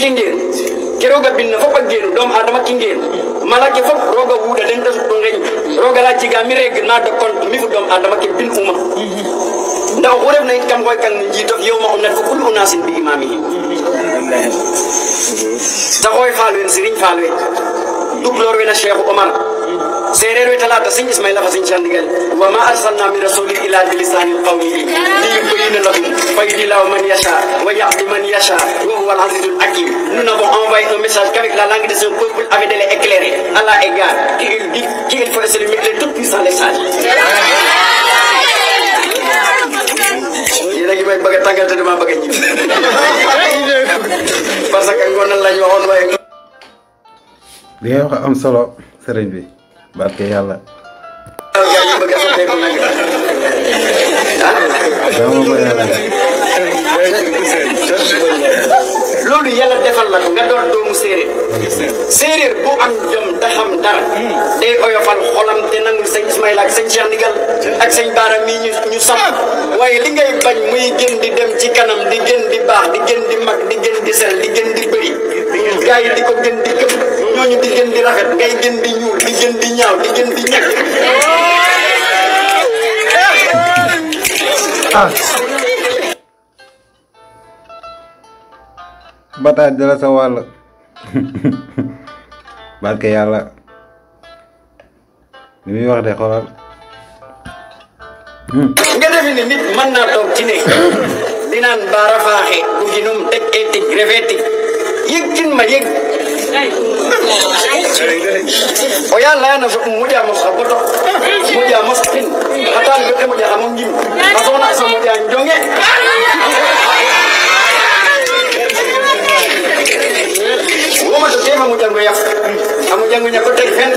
ke roga binna fof a geenu ɗom adama kingeenu malake fof roga wuuɗa den ta suɗɗo reñ roga la jiga mi règlement de compte mi fu ɗom adama ke bin uma nda oxu refna yit kam koy kan njiitof yewma um nat fo kulu unasin bi imamihim ta xooy faal wen siriñ faal we duploor wena cheikhu omar سيرين ويتلا تسين اسماعيل فسين شانديل وما أرسلنا من رسول إلا بلسان قومه ليبين لهم فيدي له من يشاء ويعطي من يشاء وهو العزيز hakim Nous avons envoyé un message avec la langue de ce peuple avec de l'éclairer à égal qui il dit il faut se limiter tout puissant les sages. léegi may bëgg a te dama bëgg a parce que ngoon lañ waxoon waaye. li nga am solo sëriñ bi. Bateala. Ya, dama ko yàlla loolu yàlla defal la nga doon doomu séeréer séeréer bu am jom te xam dara day oyofal xolam te nangul sëñ Ismaïl ak sëñ Cheikh Ndigal ak sëñ Baara mii ñu ñu sàmm waaye li ngay bañ muy gën di dem ci kanam di gën di baax di gën di mag di gën di sel di gën di bëri gaay di ko gën di gëm ñooñu di gën di rafet ngay gën di ñuul di gën di ñaaw di gën di ñàkk. bata bataay dala sa wal barke yalla ni muy wax de xolal nga def ni nit man na tok ci ne dinaan baara faaxe bu ginum tek etik revetik yëg din ma yëg o ya layana moƴa mos boto moƴa mos tin xatan goɗɗe moƴa xa moom njim xa soxna sa moƴa njonge woma to tema moƴango yaf a moƴango ñako teg fen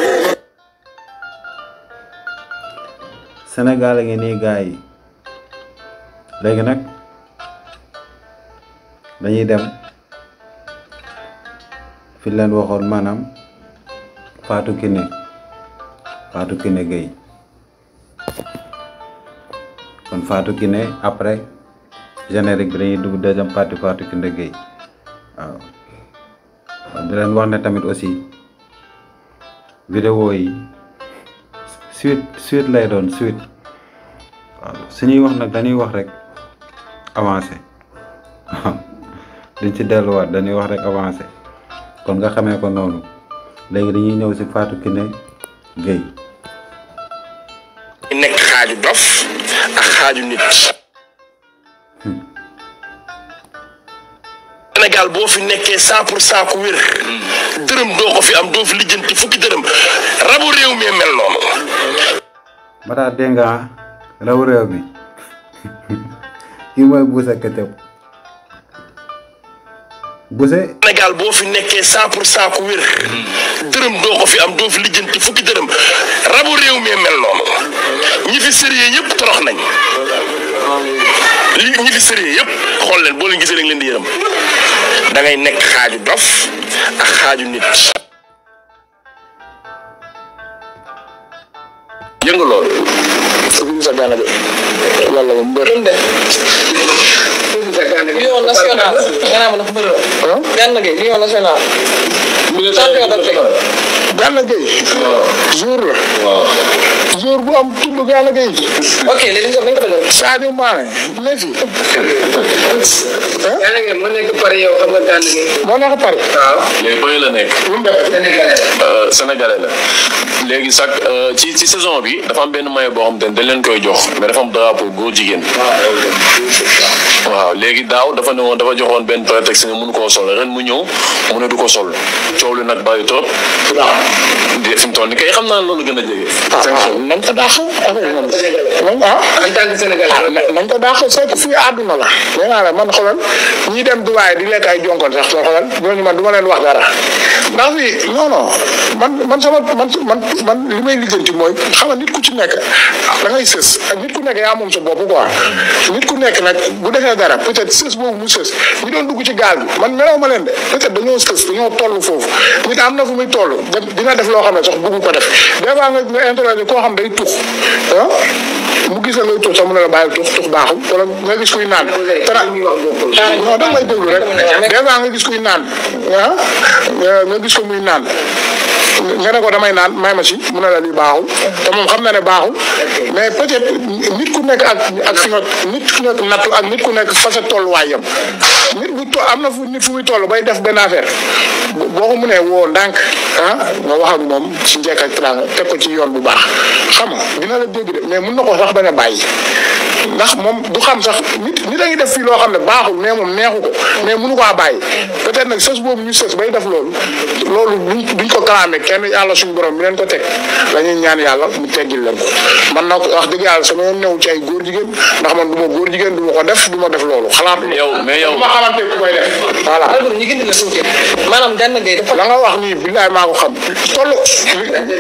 Sénégal a nii gars yi nag dañuy dem fi leen waxoon maanaam Fatou Kiné Fatou Kiné Gueye kon Fatou Kiné après générique bi dañuy dugg deuxième partie Fatou Kiné gay wa di leen wax ne tamit aussi vidéo yi suite suite lay don suite suñuy wax nak dañuy wax rek avancer dañ ci delu wat dañuy wax rek avancer kon nga xamee ko noonu léegi dañuy ñëw si Fatou Kiné Gueye nekk xaaju dof ak xaaju nit hmm. Sénégal boo fi nekkee cent pour cent ku wér hmm. dërëm doo ko fi am doo fi lijjanti fukki dërëm rabu réew mi mel noonu ba taa nga rabu réew mi kii mooy buusa këtëb Bousse. Sénégal boo fi nekkee cent pour cent ku wér. dërëm doo ko fi am doo fi lijjanti fukki dërëm rabu réew me mel noonu ñi fi sérieux yëpp torox nañ li ñi fi sérieux yëpp xool leen boo leen rek leen di yërëm da nekk xaaju dof ak xaaju nit. yëngu lion national. gannaaw la. Gana Gueye lion national. champion d'Afrique. Gana Gueye. jour bu am tudd Gana Gueye. ok léegi sax nañ moo nekk pare yow xam nga moo nekk pare. waaw léegi booy la nekk. Euh, Sénégalais la. léegi sax euh, ci ci saison bi dafa am benn maillot boo xam te ne dañ leen koy jox mais dafa am drapeau góor jigéen. Ah, waaw léegi daaw dafa ne woon dafa joxoon benn prétexte ne mun koo sol ren mu ñëw mu ne du ko sol coow li nag bàyyi trop. waaw fi mu toll nii kay xam naa loolu gën a jege. Ah, nañ ah, ko daaxal en tant que sénégalais ah, nañ ko daaxal soo ko fii àdduna la. nee naa la man xoolal ñi dem Dubaay di lekk ay jonkoon sax soo xoolal ñooñu man du ma leen wax dara ndax fii non non man man sama man man man li may lijjanti mooy xam nga nit ku ci nekk da ngay sës nit ku nekk yaa moom sa bopp quoi nit ku nekk nag bu defee la dara peut être sës boobu mu sës ñu doon dugg ci gaal bi man melow ma leen de peut être dañoo sës dañoo toll foofu nit am na fu muy toll dina def loo xam ne sax bëggu ko def des fois nga nga interroger koo xam day tux ah mu gis la ngay tux sax mu ne kuy naan tra ah? nga gis ko muy naan nga ne ko damay naan may ma si mu ne la lii baaxul te moom xam na ne baaxul mais peut-être nit ku nekk ak ak fi nga nit ku nekk nattu ak nit ku nekk fa sa tolluwaayam nit bu to am na fu nit fu muy toll bay def benn affaire boo ko mënee woo ndànk ah nga wax ak moom si njëkk ak teraanga teg ko ci yoon bu baax xam nga dina la dégg de mais mun na ko sax bañ a bàyyi ndax moom du xam sax nit nit a ngi def fii loo xam ne baaxul mais moom neexu ko mais mënu ko a bàyyi peut-être nag sës boobu ñu sës bay def loolu loolu duñ ko kalaame kenn yàlla suñu borom mi leen ko teg la ñuy ñaan yàlla mu teggil leen ko man nag wax dëgg yàlla sama yoon newu ci ay góor jigéen ndax man du ma góor jigéen du ma ko def du ma def loolu xalaat la nga wax nii billaay maa xam toll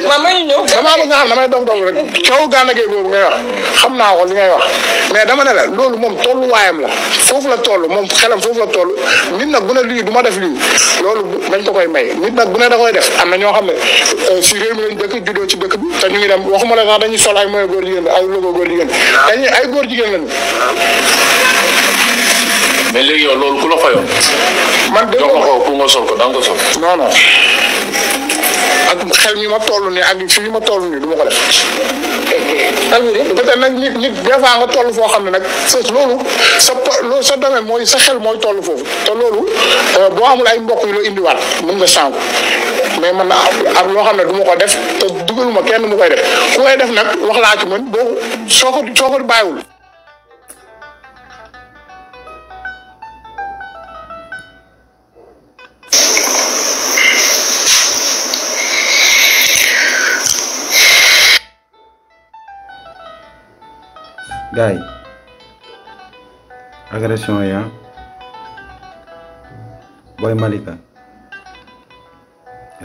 ma la nga xam damay dof dof rek coow gànnagee boobu ngay wax xam naa ko li ngay wax mais dama ne la loolu moom tollu waayam la foofu la toll moom xelam foofu la toll nit nag bu ne lii du ma def lii loolu dañ ko koy may nit nag bu ne da koy def am na ñoo xam ne Euh, si réew mi lañ dëkk juddoo ci dëkk bi te ñu ngi dem waxuma la sax dañuy sol ay mooy góor jigéen ay logo góor jigéen dañuy ay góor jigéen lañu. mais léegi yow loolu ku la fayoon. man dégg nga ko nga sol ko da sol. non ak xel mi ma toll nii ak fii ma toll nii du ma ko def. alhamdulilah peut nag nit nit des fois nga toll foo xam ne nag sa loolu sa sa domaine mooy sa xel mooy toll foofu te loolu euh, boo amul ay mbokk yu la indiwaat mën nga sànku mais man ak loo xam ne duma ko def te dugaluma kenn mu koy def ku koy def nag wax laa ci mën boo soo ko soo ko bàyyiwul. gay agression ya boy Malika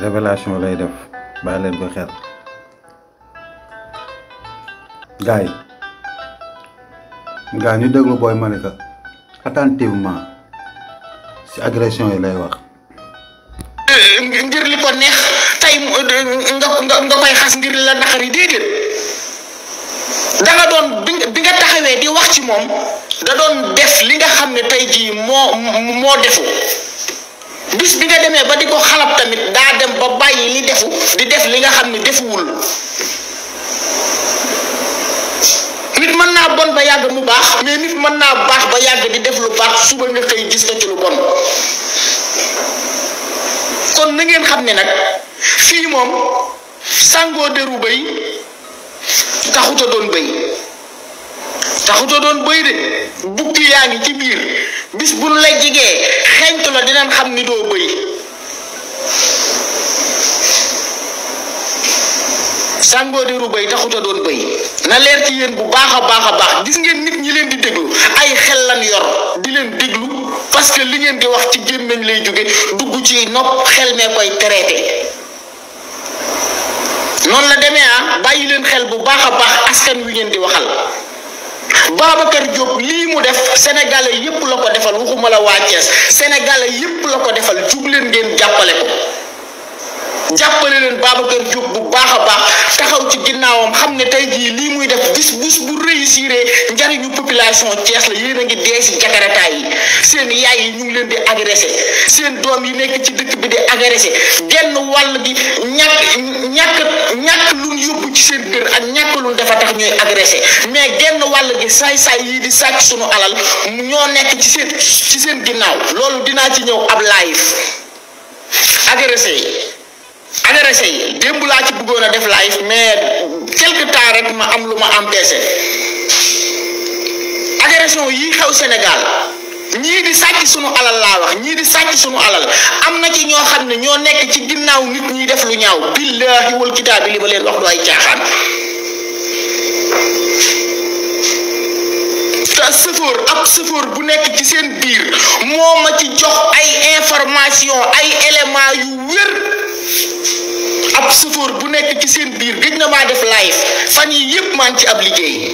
revelation lay def ba len ko xel gay nga ñu deglu boy Malika attentivement ci agression lay wax. Eh, ngir li ko neex tay nga nga koy xass ngir la naqari dedet da nga don paree di wax ci mom da doon def li nga xam tay ji mo mo defu bis bi nga demee ba diko ko tamit da dem ba bayyi li defu di def li nga xam defu wul nit man na bon ba yag mu bax mais nit man na bax ba yag di def lu bax suba nga tay gis na ci lu bon kon na ngeen xam nak fi mom sango de roubay taxuta don bay taxutoo doon bëy de bukki yaa ngi ci biir bis bu nu la jigee xeñtu la leen xam ni doo bëy sàngoodeeru bëy taxuta doon bëy na leer ci yéen bu baax a baax a baax gis ngeen nit ñi leen di déglu ay xel lan yor di leen déglu parce que li ngeen di wax ci gémmiñ lay jóge dugg ci nopp xel mee koy traité noonu la demee ah bàyyi leen xel bu baax a baax askan wi ngeen di waxal Babacar Diop lii mu def sénégalais yépp la ko defal waxuma la waa Thiès sénégalais yépp la ko defal jug leen ngeen jàppale ko. jàppale leen Babacar Diop bu baax a baax taxaw ci ginnaawam xam ne tey jii lii muy def bis bis bu réussir njariñu population Thiès la yéen a ngi dee si jakarataay yi seen yaay yi ñu ngi leen di agressé seen doom yi nekk ci dëkk bi di agressé genn wàll gi ñàkk ñàkk ñàkk luñ yóbbu ci seen kër ak ñàkk luñ dafa tax ñuy agressé mais genn wàll gi saay-saay yii di sàcc sunu alal ñoo nekk ci seen ci seen ginnaaw loolu dinaa ci ñëw ab live agressé yi adressé yi démb laa ci buggoon a def ay mais quelque temps rek ma am lu ma am empêché agression yi xew Sénégal ñii di sàcc sunu alal laa wax ñii di sàcc suñu alal am na ci ñoo xam ne ñoo nekk ci ginnaaw nit ñuy def lu ñaaw billaahi wal kitaabi li ma leen wax du ay caaxaan sëfoor ab sëfoor bu nekk ci seen biir moo a ci jox ay information ay élément yu wér ab sëfoor bu nekk ci seen biir gëj na maa def live fan yi yépp maa ngi ci ab liggéey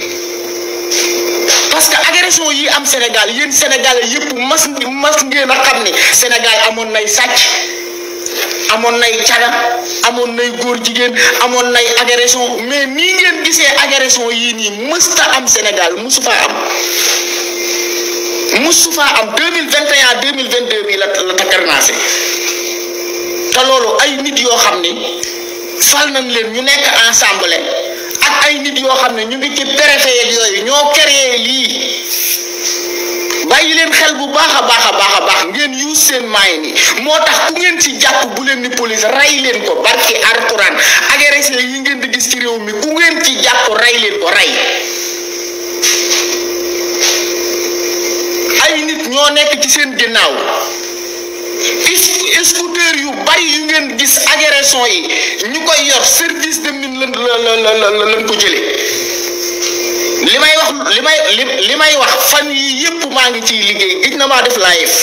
parce que agression yi am Sénégal yéen Sénégal yépp mas mas ngeen a xam ne Sénégal amoon nay sàcc amoon nay caga amoon nay góor jigéen amoon nay agression mais nii ngeen gisee agression yii nii mësta am Sénégal mësu faa am mësu am deux mille vingt et un deux mille vingt deux bi la la takkarnaase te loolu ay nit yoo xam ni fal nañ leen ñu nekk ensemble ak ay nit yoo xam ne ñu ngi ci préfet yooyu ñoo créé lii. bàyyi leen xel bu baax a baax a baax a baax ngeen use seen maay ni moo tax ku ngeen ci jàpp bu leen ni police rey leen ko barki alxuraan agressé yi ngeen di gis ci réew mi ku ngeen ci jàpp rey leen ko rey ay nit ñoo nekk ci seen ginnaaw scooter yu bari yu ngeen gis agression yi ñu koy yor service de mine la la la la lañ ko jële li may wax li may li may wax fan yi yëpp maa ngi ciy liggéey gis na maa def live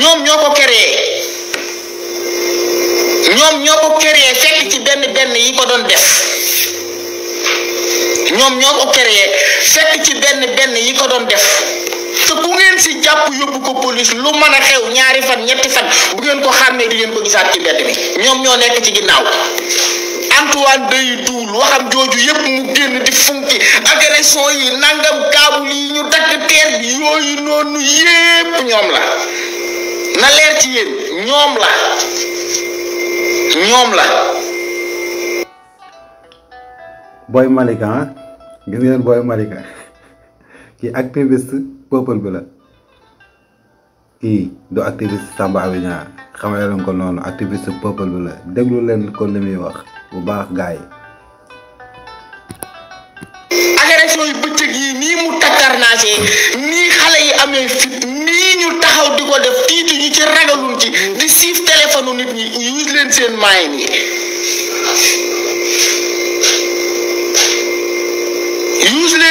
ñoom ñoo ko créé ñoom ñoo ko créé fekk ci benn benn yi ko doon def ñoom ñoo ko créé ci benn benn yi ko doon def te ku ngeen si jàpp yóbbu ko police lu mën a xew ñaari fan ñetti fan bu ngeen ko xàmmee di ngeen ko gisaat ci benn bi ñoom ñoo nekk ci ginnaaw Antoine Diédhiou waxam joju yep mu genn di funki agression yi nangam kabul yi ñu tak ter bi yooyu noonu yépp ñoom la na leer ci yeen ñom la ñom la Boy Malika gën ah? gis ngeen Boy Malika ki activiste peuple bi la ki do activiste Samba Abidjan xamee lan ko nonu activiste peuple bi la deglu len ko limi wax bu baax gaay agression yu bëccëg yi nii mu takkarnaasee nii xale yi amee fit nii ñu taxaw di ko def tiitu ñu ci ragalun ci di siif téléphone nit ñi use leen seen mayen yi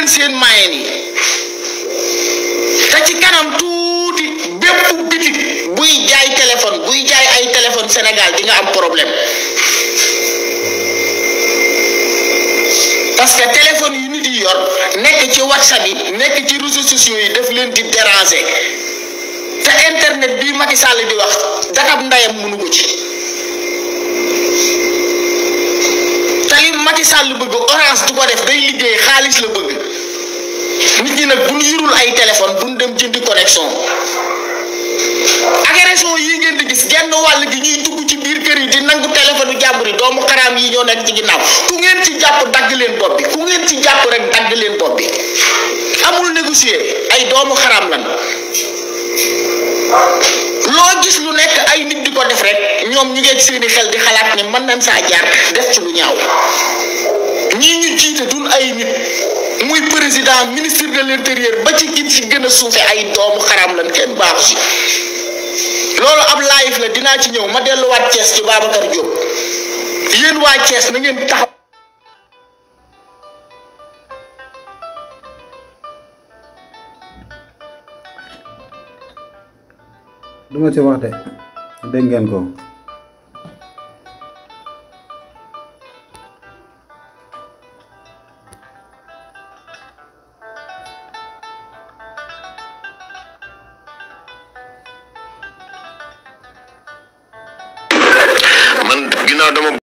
seen mayen te ci kanam tuuti bépp bitik buy jaay téléphone buy jaay ay téléphone Sénégal di nga am problème Nek ci whatsapp yi nek ci réseaux sociaux yi def leen di déranger ta internet bi Macky Sall di wax dakab ndayam mënu ko ci te Macky Sall bëgg orange du ko def day liggéey xaalis la bëgg nit ñi nag bu ñu ay téléphone bu dem jëndi connexion yi ngeen di gis genn wàll sëriñ di nangu téléphone jàmbur yi doomu xaraam yi ñoo nekk ci ginnaaw ku ngeen ci jàpp dagg leen bopp bi ku ngeen ci jàpp rek leen bopp bi amul négocier ay doomu xaraam lan loo gis lu nekk ay nit di ko def rek ñoom ñu ngi seeni xel di xalaat ne mën nañ saa jaar def ci lu ñaaw ñii ñu jiite dul ay nit muy président ministre de l'intérieur ba ci gin ci gën a suufe ay doomu xaraam lan kenn baaxu si loolu ab live la dinaa ci ñëw ma delluwaat Thiès ci Babacar Diop yéen waa Thiès na ngeen taxaw. du ma ci wax de dégg ko.